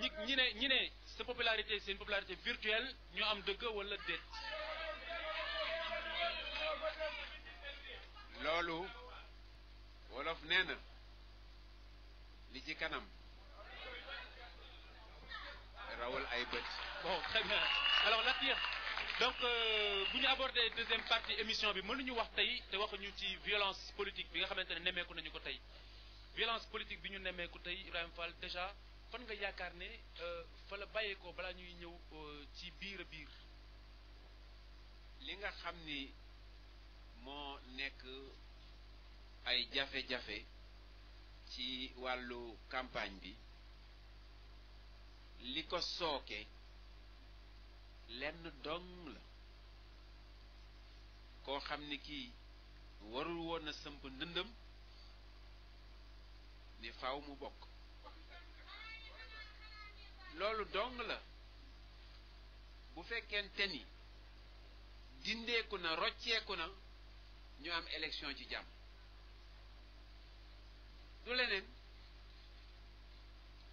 ñi ñi ne ñi ne sa popularité seen popularité virtuelle ñu am dëgg wala déet. loolu wolof nee na li ci kanam rawal ay bët. bon très bien alors Latir donc euh, bu ñu abordé deuxième partie émission bi mënuñu wax tey te waxuñu ci violence politique bi nga xamante ne nemmeeku nañu ko tey violence politique bi ñu nemmeeku tey Ibrahima Fall déjà. fan nga yaakaar ne euh, fa la bàyyeekoo balaa ñuy ñëw euh, ci biir a biir li nga xam ni moo nekk ay jafe-jafe ci wàllu campagne bi li ko sooke lenn dong la koo xam ni kii warul woon a sëmp ndëndëm ni faaw mu bokk loolu dong la bu fekkente ni dindeeku na rocceeku na ñu am élection ci jàmm du leneen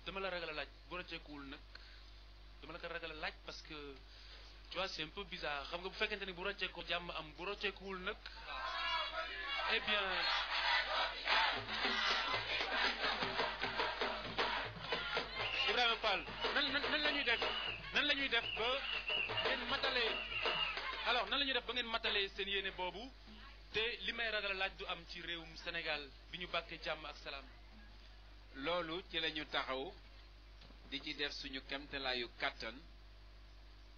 dama la ragal a laaj bu rocceekuwul nag dama la ko ragal a laaj parce que tu vois c'est xam nga bu fekkente ni bu rocceeku jàmm am bu rocceekuwul nag eh def ba ngeen matalee alors def ba ngeen matalee seen yéene boobu te laaj du am ci réewum Sénégal bi ñu bàkkee jàmm ak salaam. loolu ci lañu taxaw di ci def suñu kemtalaayu kàttan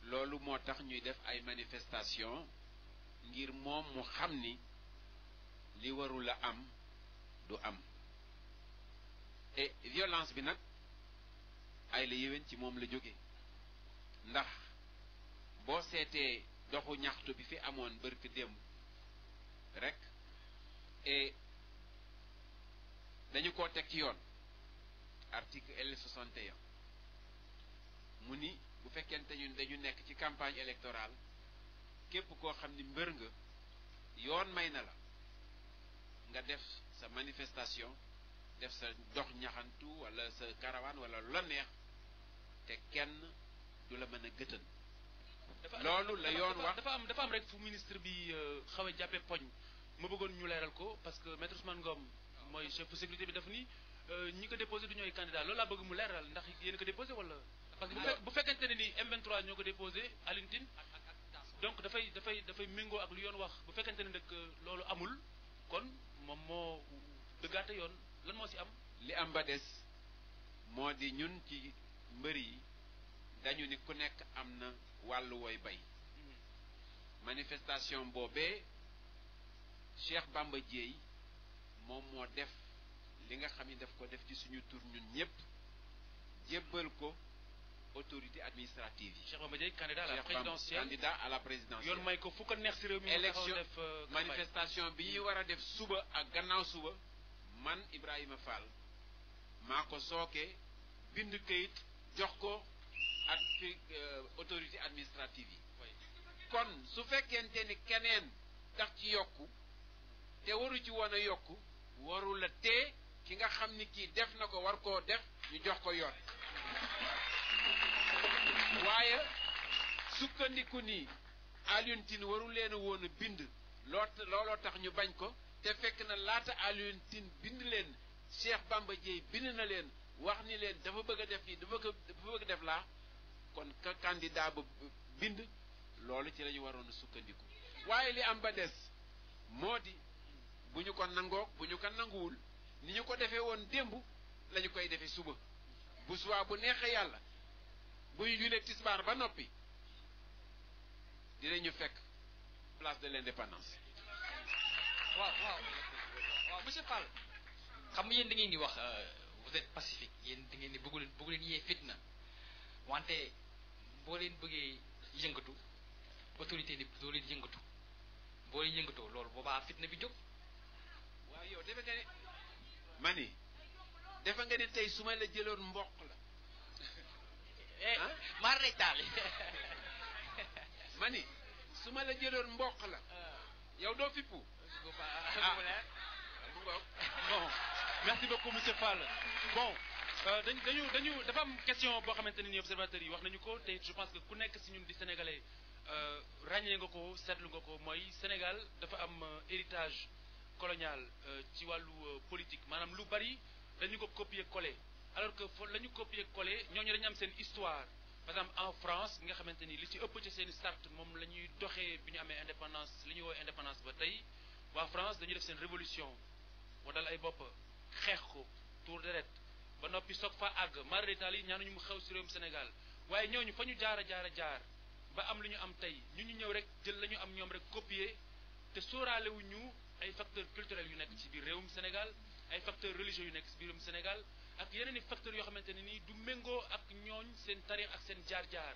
loolu moo tax ñuy def ay manifestation ngir moom mu xam ni li warul a am du am et violence bi nag ay la yéwén ci moom la jóge ndax boo seetee doxu ñaxtu bi fi amoon bërki démb rekk et dañu ko teg ci yoon article mu ni bu fekkente ñun dañu nekk ci campagne électorale képp koo xam ni mbër nga yoon may na la nga def sa manifestation def sa dox ñaxantu wala sa caravane wala lu la neex te kenn du la mën a gëtën loolu la yoon wax dafa am dafa am rek fu ministre bi euh, xaw a jàppe poñ ma bëggoon ñu leeral ko parce que maître Ousmane Ngom mooy chef de sécurité bi daf nii euh, ñi ko déposé du ñooy candidat loolu laa bëgg mu leeral ndax yéen ko déposé wala parce que bu fekkente ne ni M23 ñoo ko déposé Alioune donc dafay dafay dafay méngoo ak lu yoon wax bu fekkente ne nag euh, loolu amul kon moom moo dëggaate yoon lan moo si am li am ba des moo di ñun ci mbër dañu ne ku nekk am na wàllu wooy bay manifestation boobee Cheikh Bamba Dièye moom moo def li nga xam ni daf ko def ci suñu tur ñun ñëpp jébbal ko autorité administrative yi. Cheikh Bamba Dièye candidat à la présidentielle la présidentielle yoon may ko fu ko neex si réew mi élection euh, manifestation bi ñuy war a def suba ak gannaaw suba man Ibrahima Fall maa ko sooke bind kayit jox ko ak euh, autorité administrative yi kon su fekkente ni keneen tax ci yokk te waru ci woon a yokku waru la ki nga xam ni kii def na ko war koo def ñu jox ko yoon waaye sukkandiku nii Alioune Tine waru leen a woon bind loo looloo tax ñu bañ ko te fekk na laata Alioune bind leen seex Bamba Dièye bind na leen wax ni leen dafa bëgg a def nii dafa bëgg def laa kon ka candidat ba bind loolu ci la waroon a sukkandiku waaye li am ba des moo di bu ñu ko nangook bu ñu ko nanguwul ni ñu ko defee woon démb lañu koy defee suba bu suwaa bu neexee yàlla bu ñu julee tisbaar ba noppi dinañu fekk place de l'indépendance. waaw waaw waaw monsieur Fall xam nga yéen da ngeen di wax euh, vous êtes pacifique yéen da ngeen di bëggu leen bëggu leen yee fitna wante. boo leen bëggee yëngatu autorité ni doo leen yëngatu boo leen yëngatoo loolu boobaa fitna bi jóg. waaw yow defe nga ne ma ni nga ne tey su ma la jëloon mboq la. ah maa rey la jëloon mboq la. Ah. yow doo fippu. Ah. Ah. bon merci beaucoup monsieur Fall bon. Euh, dañ dañu dañu dafa am question boo xamante ne ni observateurs yi wax nañu ko te je pense que ku nekk si ñun di sénégalais euh, ràññee nga ko seetlu nga ko mooy Sénégal dafa am euh, héritage colonial ci wàllu politique maanaam lu bari dañu ko copier coller alors que fo la ñu copier coller ñooñu dañu am seen histoire par exemple en France nga xamante ni li ci ëpp ci seen start moom la ñuy doxee bi ñu amee indépendance li ñuy woowee indépendance ba tey waa France dañuy def seen révolution wadal ay bopp xeex ko tour ba noppi soog fa àgg marital yi ñu mu xew si réewum Sénégal waaye ñooñu fa ñu jaar a jaar a jaar ba am lu ñu am tey ñu ñu ñëw rek jël lañu am ñoom rek copier te sóoraale wu ay facteur culturels yu nekk ci biir réewum Sénégal ay facteurs religieux yu nekk ci biir réewum Sénégal ak yeneen i facteurs yoo xamante ne nii du méngoo ak ñooñ seen tarix ak seen jaar-jaar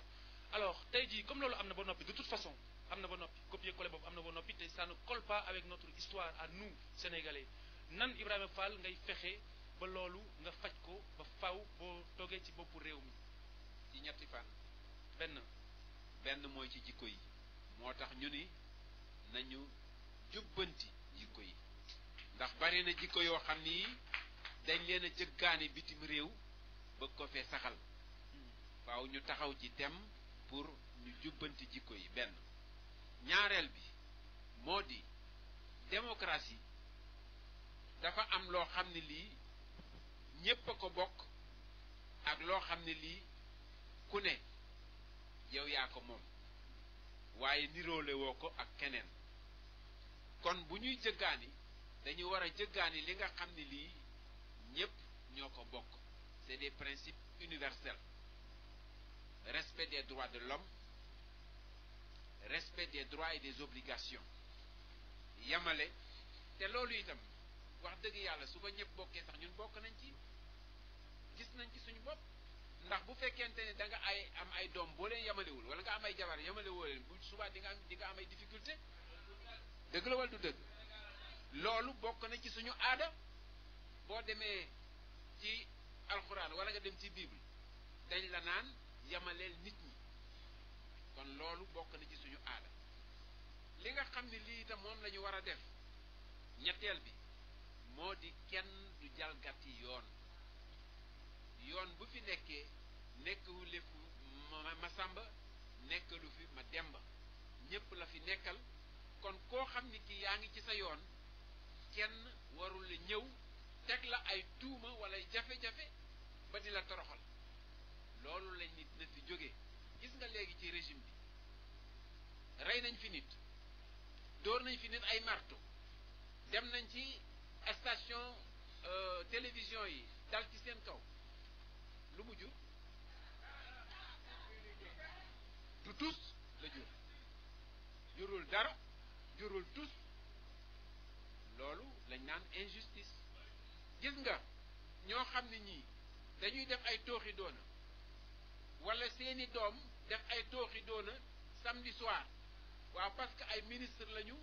alors tey jii comme loolu am na ba noppi de toute façon am na ba noppi copier coller boobu am na ba noppi te ça ne colle pas avec notre histoire à nous Sénégalais nan Ibrahima Fall ngay fexe ba loolu nga faj ko ba faw boo toggee ci boppu réew mi ci ñetti fan benn benn mooy ci jikko yi moo tax ñu ni nañu jubbanti jikko yi ndax bari na jikko yoo xam ni dañ leen a jëggaani bitim réew bëgg ko fee saxal faaw ñu taxaw ci dem pour ñu jubbanti jikko yi benn ñaareel bi moo di démocratie dafa am loo xam ne lii ñépp a ko bokk ak loo xam ne lii ku ne yow yaa ko moom waaye niroole woo ko ak keneen kon bu ñuy jëggaani dañu war a jëggaani li nga xam ne lii ñépp ñoo ko bokk c'est des principes universels respect des droits de l'homme respect des droits et des obligations yamale te loolu itam wax dëgg yàlla suba ko ñëpp bokkee sax ñun bokk nañ ci gis nañ ci suñu bopp ndax bu fekkente ne danga ay am ay doom boo leen yamalewul wala nga am ay jabar yamalewoo leen bu subaa di nga am di nga am ay difficulté dëgg la wala du dëgg loolu bokk na ci suñu aadam boo demee ci alxuraan wala nga dem ci bible dañ la naan yamaleel nit ñi kon loolu bokk na ci suñu aada li nga xam ne lii itam moom la war a def ñetteel bi moo di kenn du jalgati yoon yoon bu fi nekkee nekkewu lépp ma sàmba nekkalu fi ma demba ñépp la fi nekkal kon koo xam ni kii yaa ngi ci sa yoon kenn warul la ñëw teg la ay tuuma walla jafe-jafe ba di la toroxal loolu lañ nit na fi jóge gis nga léegi ci régime bi rey nañ fi nit dóor nañ fi nit ay marto dem nañ ci station euh, télévision yi dal ci seen kaw lu mu jur du tus la jur jurul dara jurul tus loolu lañ naan injustice gis nga ñoo xam ne ñii dañuy def ay tooxi doona wala seeni doom def ay tooxi doona samedi soir waa parce que ay ministre lañu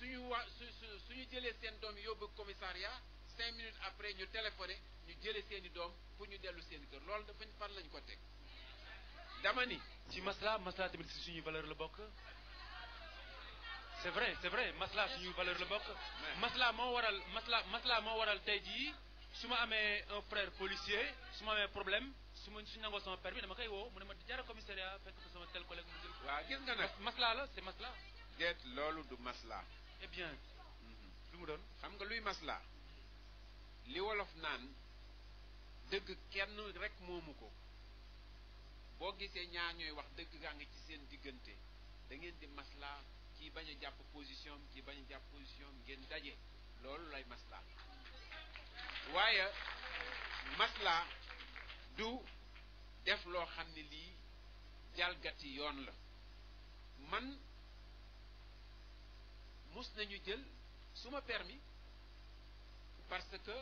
su ñu waa su su suñu jëlee seen doom yóbbu commissariat cinq minutes après ñu téléphoné ñu jëlee seen i doom pour ñu dellu seen kër loolu dafa fan lañ ko teg dama ni. ci masla masla tamit si suñuy valeur la bokk c'est vrai c'est vrai masla suñuy valeur la bokk. masla moo waral masla masla moo waral tey jii su ma amee un frère policier su ma amee problème. su ma suñu nangoo sama permis dama koy woo mu ne ma jaara commissariat fekk fa sama tel collègue mu jël. waaw gis nga nag maslaa la loolu du maslaa. Eh bien lu mu doon xam nga luy maslaa li wolof naan dëgg kenn rekk moomu ko boo gisee ñaar ñooy wax dëgg gaa ngi ci seen diggante da ngeen di maslaa ci bañ a jàpp position kii bañ a jàpp position ngeen daje loolu lay masla waaye maslaa du def loo xam ne lii jalgati yoon la man mus nañu jël suma permis parce que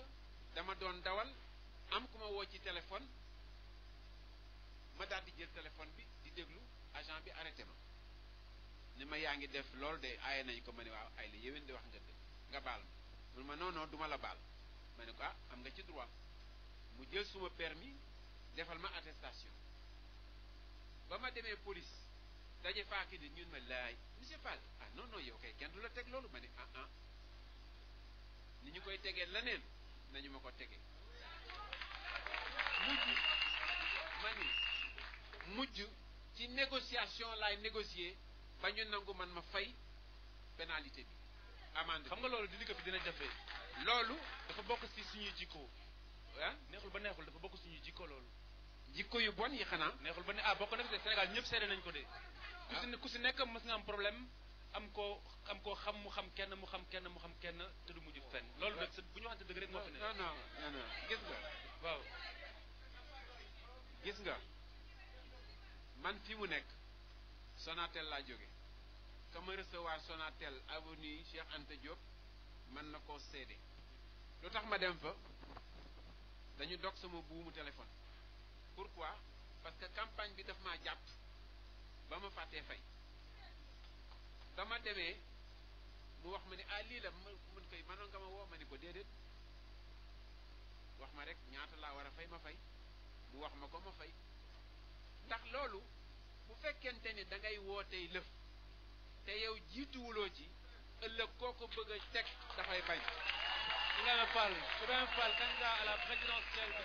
dama doon dawal am ku ma woo ci téléphone ma daal di jël téléphone bi di déglu agent bi arrêté ma ni ma yaa ngi def lool de aaye nañ ko ma ne waaw ay la yéwén di wax nga baal ma mun ma non duma la baal ma ne ko ah am nga ci droit mu jël suma permis defal ma attestation ba ma demee polis daje faaki di ñun ma laay monsieur Fall ah non non yow kay kenn du la teg loolu ma ne ah ah ni ñu koy tegee leneen nañu ma ko tege mujj ma ni mujj ci négociation lay négocier ba ñu nangu man ma fay pénalité bi amende xam nga loolu dindi ko fi dina jafe loolu dafa bokk ci suñuy jikko ah neexul ba neexul dafa bokk suñuy jikko loolu jikko yu bon yi xanaa neexul ba ne ah boo ko fi senegal ñëpp seede nañ ko de ku si ku si nekk mës nga am problème am koo am koo xam mu xam kenn mu xam kenn mu xam kenn te du mujj fenn loolu nag bu ñu waxante dëgg rek moo fi ne nga waaw nga man fi mu nekk Sonatel laa jóge ka Sonatel avenue Cheikh Anta Diop mën na koo seede lu tax ma dem fa dañu dog sama buumu téléphone pourquoi parce que campagne bi daf maa jàpp ba ma fàttee fay dama ma demee mu wax ma ne ah lii mun koy mënoon nga ma woo ma ni ko déedéet wax ma rek ñaata laa war a fay ma fay mu wax ma ko ma fay ndax loolu bu fekkente ni dangay ngay wootee lëf te yow jiituwuloo ci ëllëg koo ko bëgg a teg dafay bañ. Ibrahima Fall Ibrahima Fall candidat à la présidentielle de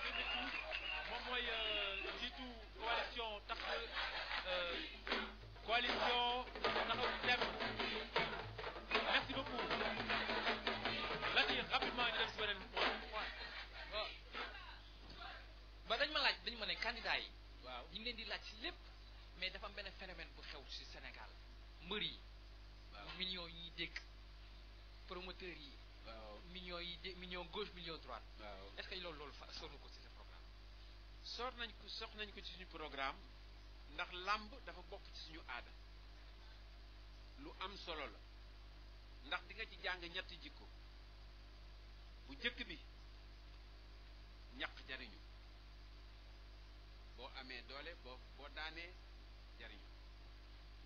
nañ ko sox nañ ko ci suñu programme ndax làmb dafa bokk ci suñu aada lu am solo la ndax dinga ci jàng ñetti jikko bu jëkk bi ñaq jariñu boo amee doole boo boo daanee jariñu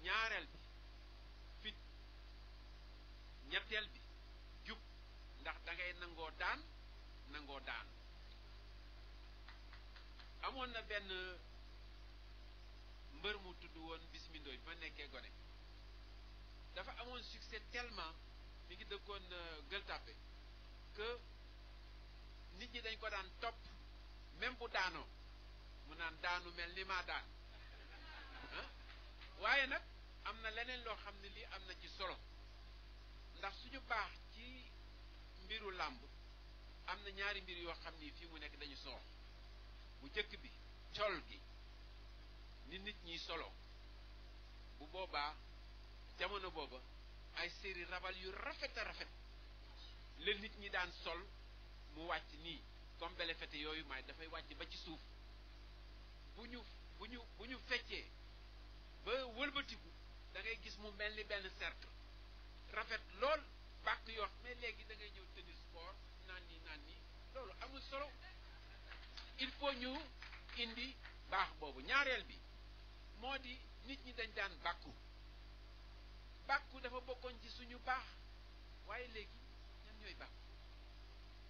ñaareel bi fit ñetteel bi jub ndax dangay nangoo daan nangoo daan amoon na benn mbër mu tudd woon Bismi Ndoye ma nekkee gone dafa amoon succès tellement mi ngi dëkkoon euh, Gueule Tapée que nit ñi dañ ko daan topp même bu daanoo mu naan daanu mel ni maa daan waaye nag am na leneen loo xam ne lii am na ci solo ndax suñu baax ci mbiru làmb am na ñaari mbir yoo xam ni fii mu nekk dañu soox bu jëkk bi col gi ni nit ñiy solo bu boobaa jamono booba ay série rabal yu rafet rafet la nit ñi daan sol mu wàcc nii comme belefete yooyu may dafay wàcc ba ci suuf bu ñu bu ñu bu ñu feccee ba wëlbatiku da ngay gis mu mel ni benn cercle rafet lool bàkk yoo mais léegi da ngay ñëw tenir naan nii naan nii loolu amul solo il faut ñu indi baax boobu ñaareel bi moo di nit ñi dañ daan bàkku bàkku dafa bokkoon ci suñu baax waaye léegi ñan ñooy bàkku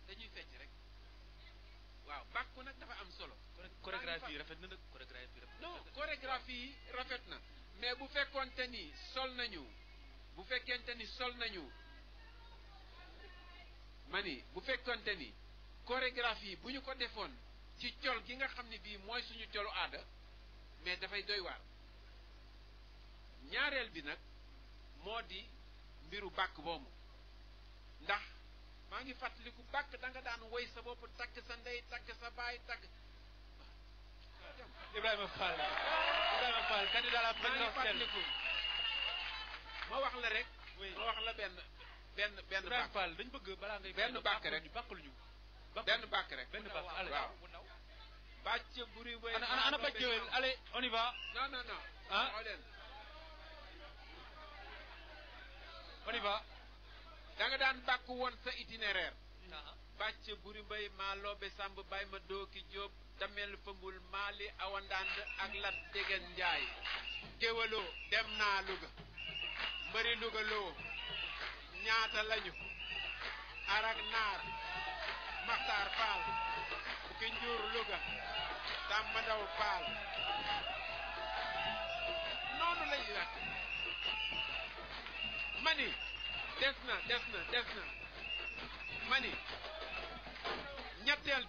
dañuy fecc rek waaw bàkku nag dafa am solo. chorégraphie yi rafet na nag chorégraphie rafet na. non chorégraphie yi rafet na mais bu fekkoonte ni sol nañu bu fekkente ni sol nañu ma ni bu fekkoonte ni chorégraphie bu ñu ko defoon. ci col gi nga xam ne bii mooy suñu colu aada mais dafay doy waar ñaareel bi nag moo di mbiru bàkk boobu ndax maa ngi fàttaliku bàkk da nga daan woy sa bopp takk sa ndey takk sa baay takk Ibrahima Fall Ibrahima Fall candidat la présidentielle ma wax la rek ma wax la benn benn benn bàkk Ibrahima Fall dañ bëgg balaa benn bàkk rek ñu benn bàkk rek benn bàkk waaw pàcc buri bay ana ana pàcc yooyu allez on bàcc buri bay maa sàmb bay ma dooki jóob damel fëmbul maali awa ndànd ak lat degen njaay. géwaloo dem naa Louga. mbëri Louga ñaata lañu. arak naar. maxtaar faal. Kinjuur Louga Tamba Paal noonu lañ lakk mani des na des na des na mani ñetteel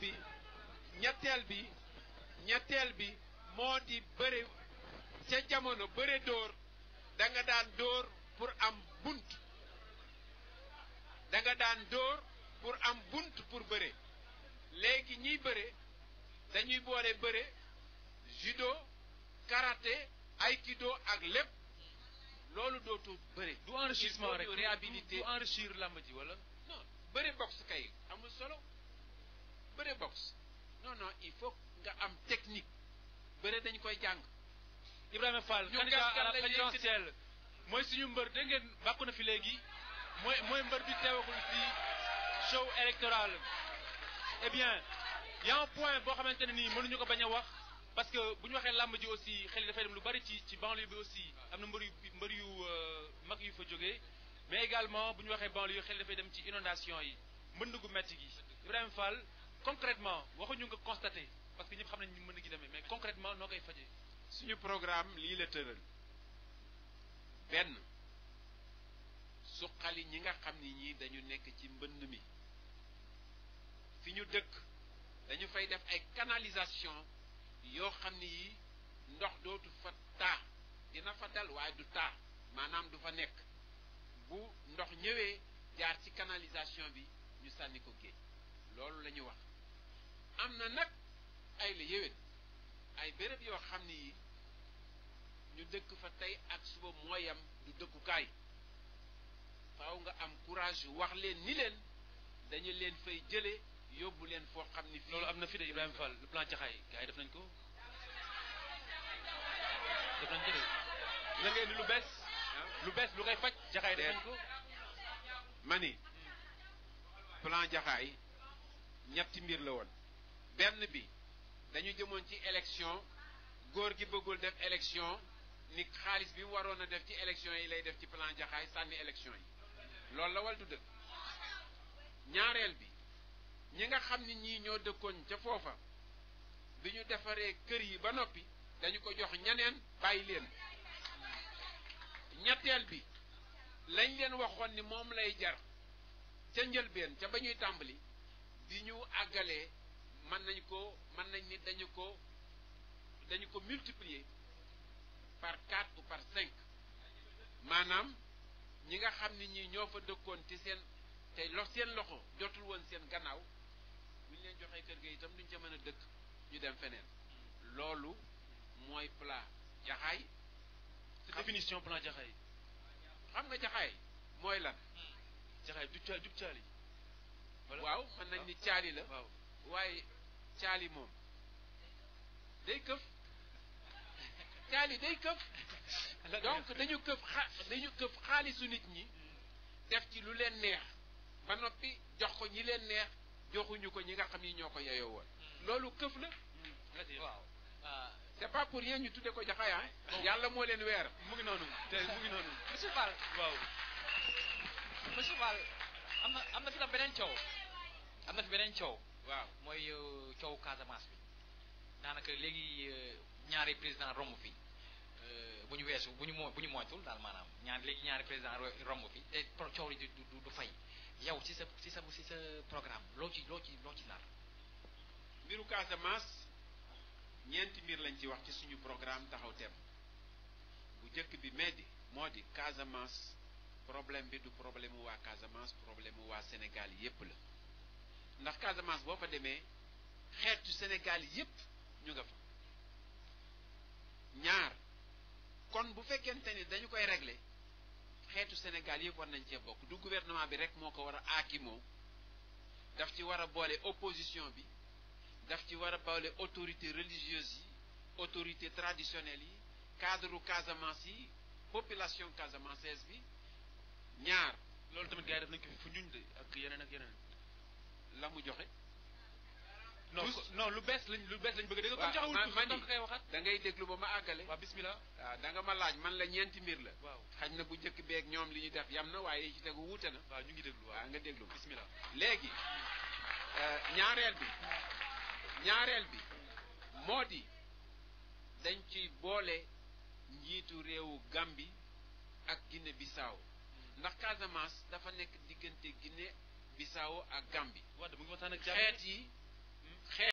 bi ñetteel bi moo di bëre ca jamono bëre dóor da daan dóor pour am bunt da daan dóor pour am bunt pour bëre léegi ñiy bëre dañuy boole bëre judo karaté aikido ak lépp loolu dootoo bëre. du enrichissement rek réhabilité du enrichir làmb ji wala. non bëre kay amul solo bëre boxe non non il faut nga am technique bëre dañu koy jàng. Ibrahima Fall candidat à la présidentielle mooy suñu mbër dégg bàkku na fi léegi mooy mooy mbër bi teewagul ci show électoral eh bien y a un point boo xamante ne nii mënuñu ko bañ a wax parce que bu ñu waxee làmb ji aussi xel yi dafay dem lu bari ci ci banlieue bi aussi am na mbër yu mbër euh, yu mag yu fa jóge mais également bu ñu waxee banlieue xel yi dafay dem ci inondation yi mbënd gu metti gi Ibrahima Fall concrètement waxuñu nga constaté parce que ñëpp xam nañ ñu mën a gi demee mais concrètement noo koy faje suñu programme lii la tëral benn suqali ñi nga xam ni ñii dañu nekk ci mbënd mi fi ñu dëkk dañu fay def ay canalisation yoo xam ne yi ndox dootu fa taa dina fa dal waaye du taa maanaam du fa nekk bu ndox ñëwee jaar ci canalisation bi ñu sànni ko géej loolu la wax am na nag ayla la ay bërëb yoo xam ne yi ñu dëkk fa tey ak suba mooyam du dëkkukaay faaw nga am courage wax leen ni leen dañu leen fay jële yóbbu leen foo xam ni loolu am na fi de Ibrahima Fall le plan Jaxaay gars def nañ ko def nañ ko de la ngeen lu bees lu bees faj Jaxaay def nañ ko mani plan Jaxaay ñetti mbir la woon benn bi dañu jëmoon ci élection góor gi bëggul def élection ni xaalis bi mu waroon a def ci élection yi lay def ci plan Jaxaay sànni élection yi loolu la du dëkk ñaareel bi ñi nga xam ne ñii ñoo dëkkoon ca foofa bi ñu defaree kër yi ba noppi dañu ko jox ñeneen bàyyi leen ñetteel bi lañ leen waxoon ni moom lay jar ca njëlbeen ca ba ñuy tàmbali bi ñu àggalee mën nañ ko mën nañ ni dañu ko dañu ko multiplier par quatre ou par cinq maanaam ñi nga xam ni ñii ñoo fa dëkkoon ci seen te lo seen loxo jotul woon seen gannaaw bu ñu leen joxee kër ga itam duñ ca mën a dëkk ñu dem feneen loolu mooy plat jaxaay définition plat jaxaay xam nga jaxaay mooy lan hmm. jaxaay du caali jub caali waaw mën nañ ni ah. caali la waaw waaye caali moom day këf caali day këf donc dañu këf dañu këf xaalisu nit ñi hmm. def ci lu leen neex ba noppi jox ko ñi leen neex joxuñu ko ñi nga xam ni ñoo ko yeyoo woon hmm. loolu këf la hmm. waaw ah. c'est pas pour rien ñu tudde ko jaxaay ah yàlla moo leen weer mu ngi noonu te mu ngi noonu monsieur Fall waaw monsieur Fall am na am na fi tam beneen am na beneen coow waaw mooy euh, coow Casamance bi daanaka léegi euh, ñaari président romb bi euh, bu ñu weesu bu ñu moo bu ñu moytul daal maanaam ñaari léegi ñaari président romb fi te coow li du du fay yow ci sa ci sa ci sa programme loo ci loo ci loo ci nar mbiru Casamance ñeenti mbir lañ ci wax ci suñu programme taxaw tem bu njëkk bi meddi moo di Casamance problème bi du problème mu waa Casamance problème mu waa Sénégal yépp la ndax Casamance boo fa demee xeetu Sénégal yépp ñu nga fa ñaar kon bu fekkente ni dañu koy régler xeetu Sénégal yëpp war nañ cee bokk du gouvernement bi rek moo ko war a aakimoo daf ci war a boole opposition bi daf ci war a boole autorité religieuse yi autorité traditionnelle yi cadre Casamance yi population casamançaise bi ñaar loolu tamit gars yi def nañ ko fi fu ñuñ de ak yeneen ak yeneen la mu joxe non non lu bees lañ lu bees lañ bëgg a dégg. waaw man man de da ngay déglu ba ma àggale. waaw bismillah waaw da ma laaj man la ñeenti mbir la. waaw xaj na bu njëkk beek ñoom li ñu def yam na waaye ci tegu wuute na. waa ñu ngi déglu waaw nga déglu bismillah léegi euh, ñaareel bi ñaareel bi moo di dañ ci boole njiitu réewu Gambie ak Guinée Bissau hmm. ndax Casamance dafa nekk diggante Guinée Bissau ak Gambie. waaw dama ngi waxtaan xeet yi.